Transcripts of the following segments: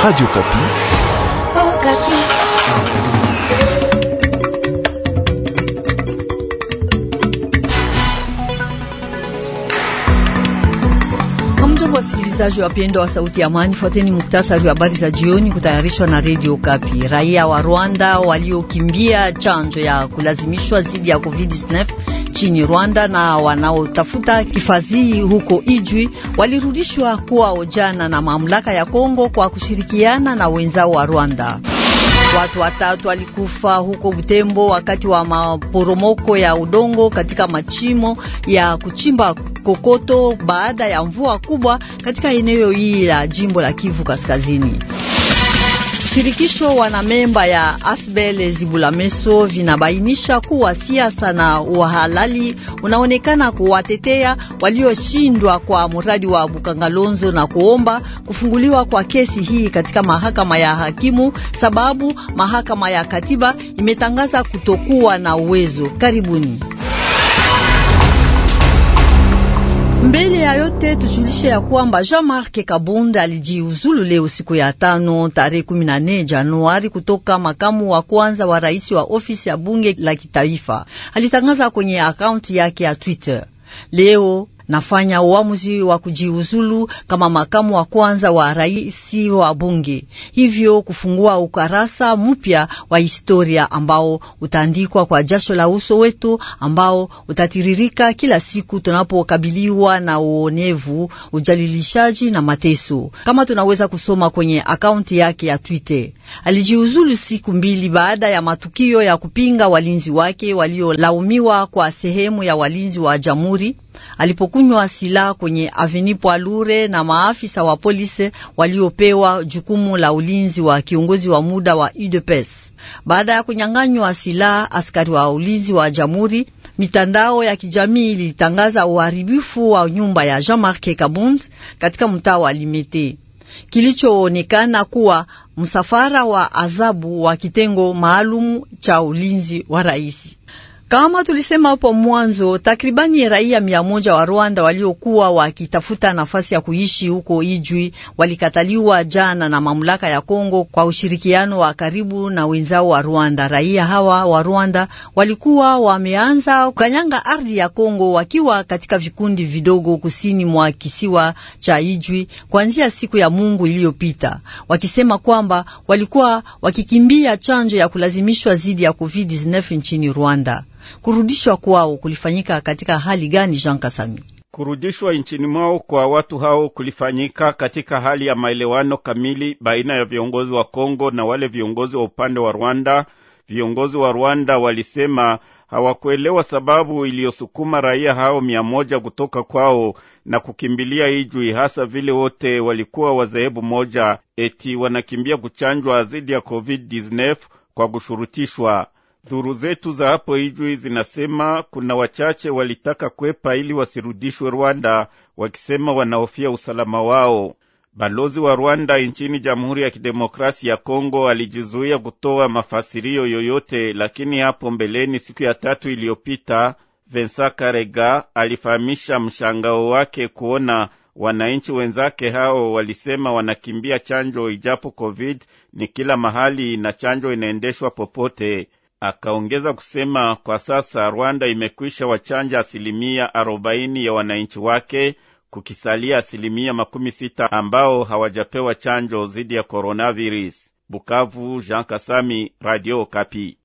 Radio Kapi. Oh, Kapi. Hamjambo wasikilizaji wapendwa wa Sauti ya Amani, fuateni muktasari wa habari za jioni kutayarishwa na Radio Kapi. Raia wa Rwanda waliokimbia chanjo ya kulazimishwa dhidi ya COVID-19 nchini Rwanda na wanaotafuta hifadhi huko Ijwi walirudishwa kwao jana na mamlaka ya Kongo kwa kushirikiana na wenzao wa Rwanda. Watu watatu walikufa huko Butembo wakati wa maporomoko ya udongo katika machimo ya kuchimba kokoto baada ya mvua kubwa katika eneo hili la jimbo la Kivu Kaskazini wana memba ya Asbel Zibulameso vinabainisha kuwa siasa na uhalali unaonekana kuwatetea walioshindwa kwa mradi wa Bukangalonzo na kuomba kufunguliwa kwa kesi hii katika mahakama ya hakimu, sababu mahakama ya katiba imetangaza kutokuwa na uwezo. Karibuni. Mbele ya yote tujulishe ya kwamba Jean-Marc Kabunda alijiuzulu leo siku ya tano tarehe 14 Januari kutoka makamu wa kwanza wa rais wa ofisi ya bunge la kitaifa. Alitangaza kwenye akaunti yake ya Twitter. Leo nafanya uamuzi wa kujiuzulu kama makamu wa kwanza wa rais wa bunge, hivyo kufungua ukarasa mpya wa historia ambao utaandikwa kwa jasho la uso wetu, ambao utatiririka kila siku tunapokabiliwa na uonevu, ujalilishaji na mateso, kama tunaweza kusoma kwenye akaunti yake ya Twitter. Alijiuzulu siku mbili baada ya matukio ya kupinga walinzi wake waliolaumiwa kwa sehemu ya walinzi wa jamhuri alipokunywa silaha kwenye Avenue Poalure na maafisa wa polisi waliopewa jukumu la ulinzi wa kiongozi wa muda wa UDPS. Baada ya kunyang'anywa silaha askari wa ulinzi wa jamhuri, mitandao ya kijamii ilitangaza uharibifu wa nyumba ya Jean-Marc Kabund katika mtaa wa Limete. Kilichoonekana kuwa msafara wa azabu wa kitengo maalumu cha ulinzi wa rais. Kama tulisema hapo mwanzo, takribani raia mia moja wa Rwanda waliokuwa wakitafuta nafasi ya kuishi huko Ijwi walikataliwa jana na mamlaka ya Kongo kwa ushirikiano wa karibu na wenzao wa Rwanda. Raia hawa wa Rwanda walikuwa wameanza kanyanga ardhi ya Kongo wakiwa katika vikundi vidogo kusini mwa kisiwa cha Ijwi kuanzia siku ya Mungu iliyopita, wakisema kwamba walikuwa wakikimbia chanjo ya kulazimishwa dhidi ya COVID-19 nchini Rwanda. Kurudishwa kwao kulifanyika katika hali gani, Jean Kasami? Kurudishwa nchini mwao kwa watu hao kulifanyika katika hali ya maelewano kamili baina ya viongozi wa Kongo na wale viongozi wa upande wa Rwanda. Viongozi wa Rwanda walisema hawakuelewa sababu iliyosukuma raia hao mia moja kutoka kwao na kukimbilia Ijwi, hasa vile wote walikuwa wa dhehebu moja, eti wanakimbia kuchanjwa dhidi ya COVID-19 kwa kushurutishwa. Duru zetu za hapo Ijwi zinasema kuna wachache walitaka kwepa ili wasirudishwe Rwanda, wakisema wanahofia usalama wao. Balozi wa Rwanda nchini Jamhuri ya Kidemokrasia ya Kongo alijizuia kutoa mafasirio yoyote, lakini hapo mbeleni, siku ya tatu iliyopita, Vensa Karega alifahamisha mshangao wake kuona wananchi wenzake hao walisema wanakimbia chanjo, ijapo COVID ni kila mahali na chanjo inaendeshwa popote. Akaongeza kusema kwa sasa Rwanda imekwisha wachanja asilimia arobaini ya wananchi wake, kukisalia asilimia makumi sita ambao hawajapewa chanjo dhidi ya coronavirus. Bukavu, Jean Kasami, Radio Kapi.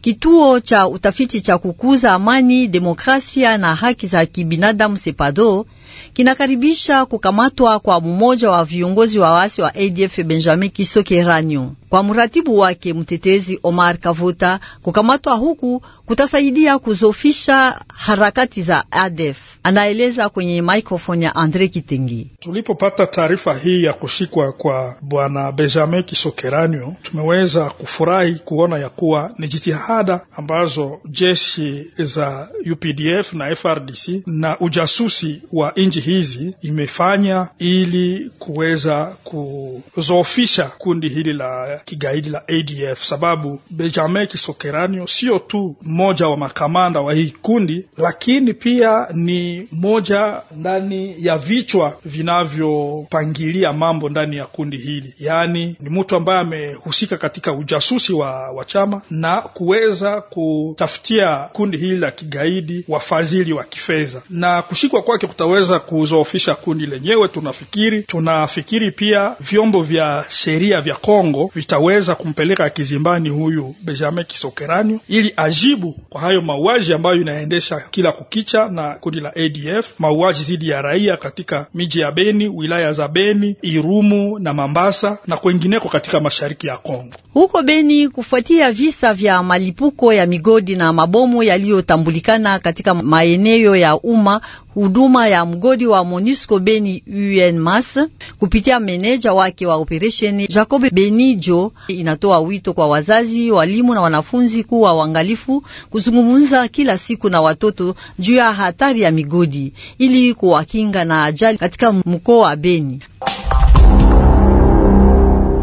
Kituo cha utafiti cha kukuza amani, demokrasia na haki za kibinadamu SEPADO kinakaribisha kukamatwa kwa mmoja wa viongozi wa waasi wa ADF Benjamin Kisoke Ranyo. Kwa mratibu wake mtetezi Omar Kavuta, kukamatwa huku kutasaidia kuzofisha harakati za ADF, anaeleza kwenye maikrofoni ya Andre Kitengi. Tulipopata taarifa hii ya kushikwa kwa bwana Benjamin kisokeranio tumeweza kufurahi kuona ya kuwa ni jitihada ambazo jeshi za UPDF na FRDC na ujasusi wa nchi hizi imefanya ili kuweza kuzofisha kundi hili la kigaidi la ADF, sababu Benjamin kisokeranio sio tu mmoja wa makamanda wa hii kundi, lakini pia ni moja ndani ya vichwa vinavyopangilia mambo ndani ya kundi hili, yaani ni mtu ambaye amehusika katika ujasusi wa, wa chama na kuweza kutafutia kundi hili la kigaidi wafadhili wa kifedha, na kushikwa kwake kutaweza kuzoofisha kundi lenyewe. Tunafikiri tunafikiri pia vyombo vya sheria vya Kongo vitaweza kumpeleka kizimbani huyu Benjamin Kisokeranyo ili ajibu kwa hayo mauaji ambayo inaendesha kila kukicha na kundi la ADF, mauaji dhidi ya raia katika miji ya Beni, wilaya za Beni, Irumu na Mambasa na kwengineko katika mashariki ya Kongo. Huko Beni kufuatia visa vya malipuko ya migodi na mabomu yaliyotambulikana katika maeneo ya umma, huduma ya mgodi wa Monisco Beni UNMAS kupitia meneja wake wa operation Jacob Benijo inatoa wito kwa wazazi, walimu na wanafunzi kuwa waangalifu, kuzungumza kila siku na watoto juu ya hatari ya migodi ili kuwakinga na ajali katika mkoa wa Beni.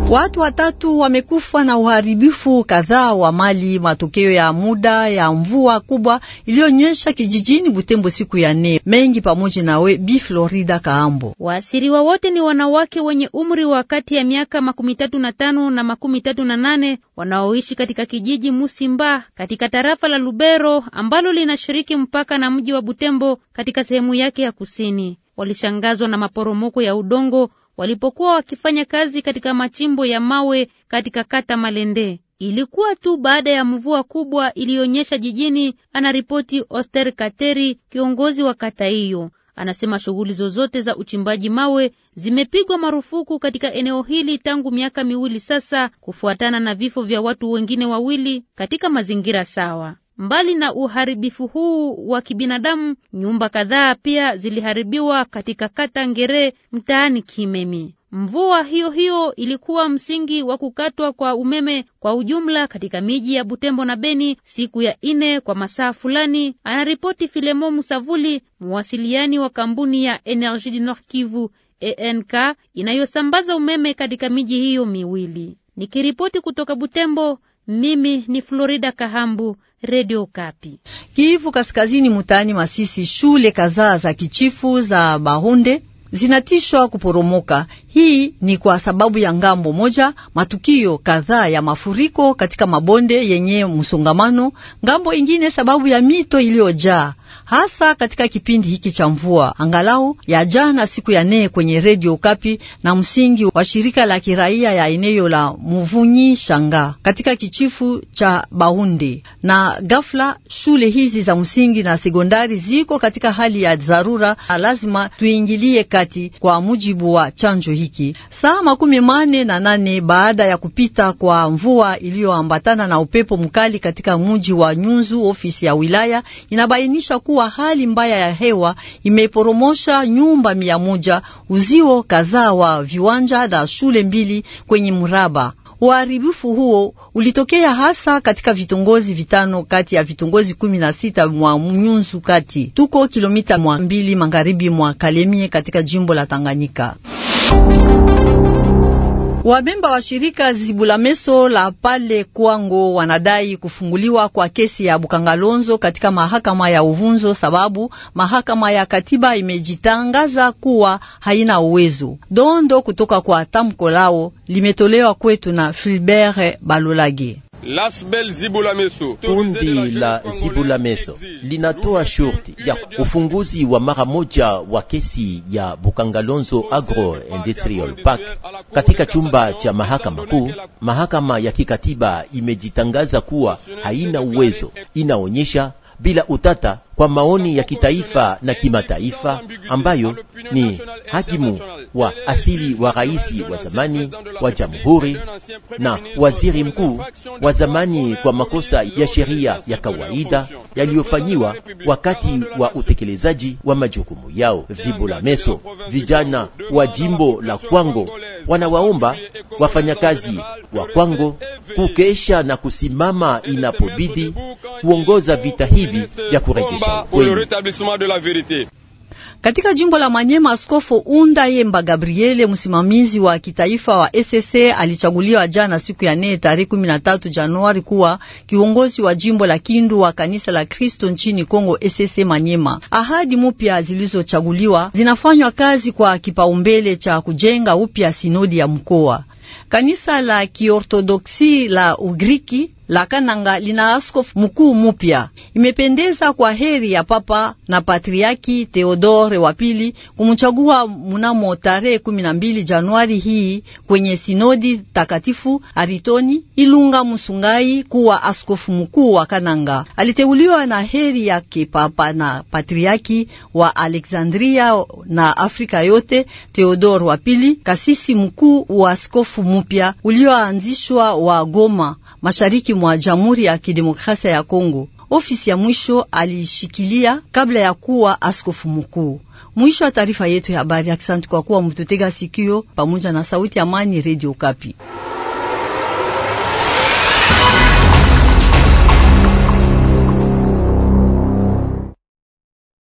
Watu watatu wamekufa na uharibifu kadhaa wa mali, matokeo ya muda ya mvua kubwa iliyonyesha kijijini Butembo siku ya nne. Mengi pamoja nawe Bi Florida Kaambo. Waasiriwa wote ni wanawake wenye umri wa kati ya miaka makumi tatu na tano na makumi tatu na nane wanaoishi katika kijiji Musimba katika tarafa la Lubero ambalo linashiriki mpaka na mji wa Butembo katika sehemu yake ya kusini. Walishangazwa na maporomoko ya udongo walipokuwa wakifanya kazi katika machimbo ya mawe katika kata Malende. Ilikuwa tu baada ya mvua kubwa iliyonyesha jijini, anaripoti Oster Kateri, kiongozi wa kata hiyo. Anasema shughuli zozote za uchimbaji mawe zimepigwa marufuku katika eneo hili tangu miaka miwili sasa, kufuatana na vifo vya watu wengine wawili katika mazingira sawa. Mbali na uharibifu huu wa kibinadamu, nyumba kadhaa pia ziliharibiwa katika kata Ngere mtaani Kimemi. Mvua hiyo hiyo ilikuwa msingi wa kukatwa kwa umeme kwa ujumla katika miji ya Butembo na Beni siku ya ine kwa masaa fulani, anaripoti Filemo Musavuli, mwasiliani wa kampuni ya Energie du Nord Kivu ENK inayosambaza umeme katika miji hiyo miwili. Nikiripoti kutoka Butembo, mimi ni Florida Kahambu, Radio Kapi. Kivu Kaskazini, mtaani Masisi, shule kadhaa za kichifu za Bahunde zinatishwa kuporomoka. Hii ni kwa sababu ya ngambo moja, matukio kadhaa ya mafuriko katika mabonde yenye msongamano, ngambo ingine sababu ya mito iliyojaa, hasa katika kipindi hiki cha mvua angalau ya jana siku ya nne kwenye redio Kapi na msingi wa shirika la kiraia ya eneo la Muvunyi Shanga katika kichifu cha Baunde. Na ghafla shule hizi za msingi na sekondari ziko katika hali ya dharura, na lazima tuingilie kati kwa mujibu wa chanjo hii mashariki. Saa makumi mane na nane baada ya kupita kwa mvua iliyoambatana na upepo mkali katika mji wa Nyunzu, ofisi ya wilaya inabainisha kuwa hali mbaya ya hewa imeporomosha nyumba mia moja, uzio kadhaa wa viwanja na shule mbili kwenye mraba. Uharibifu huo ulitokea hasa katika vitongozi vitano kati ya vitongozi kumi na sita mwa nyunzu kati. Tuko kilomita mwa mbili magharibi mwa Kalemie katika jimbo la Tanganyika. Wamemba wa shirika zibula Meso la pale Kwango wanadai kufunguliwa kwa kesi ya Bukangalonzo katika mahakama ya Uvunzo sababu mahakama ya katiba imejitangaza kuwa haina uwezo. Dondo kutoka kwa tamko lao limetolewa kwetu na Filbert Balolage. Kundi la Zibulameso linatoa shurti ya ufunguzi wa mara moja wa kesi ya Bukangalonzo Agro Industrial Park katika chumba cha mahakama kuu. Mahakama ya kikatiba imejitangaza kuwa haina uwezo, inaonyesha bila utata kwa maoni ya kitaifa na kimataifa, ambayo ni hakimu wa asili wa rais wa zamani wa jamhuri na waziri mkuu wa zamani kwa makosa ya sheria ya kawaida yaliyofanyiwa wakati wa utekelezaji wa majukumu yao. Vibola Meso, vijana wa jimbo la Kwango wanawaomba wafanyakazi wa Kwango kukesha na kusimama inapobidi kuongoza vita hivi vya kurejesha kweli. Katika jimbo la Manyema, Askofu Unda Yemba Gabriele, msimamizi wa kitaifa wa SSE, alichaguliwa jana siku ya nne tarehe 13 Januari kuwa kiongozi wa jimbo la Kindu wa kanisa la Kristo nchini Kongo, SSE Manyema. Ahadi mpya zilizochaguliwa zinafanywa kazi kwa kipaumbele cha kujenga upya sinodi ya mkoa. Kanisa la Kiorthodoksi la Ugiriki la Kananga lina askofu mkuu mupya. Imependeza kwa heri ya Papa na Patriaki Theodore wa pili kumchagua mnamo tarehe 12 Januari hii kwenye sinodi takatifu Aritoni Ilunga Musungai kuwa askofu mkuu wa Kananga. Aliteuliwa na heri yake Papa na Patriaki wa Alexandria na Afrika yote Theodore wa pili, kasisi mkuu wa askofu mupya ulioanzishwa wa Goma mashariki mwa Jamhuri ya Kidemokrasia ya Kongo, ofisi ya mwisho aliishikilia kabla ya kuwa askofu mkuu. Mwisho wa taarifa yetu ya habari. Asante kwa kuwa mtutega sikio pamoja na Sauti ya Amani, Radio Kapi.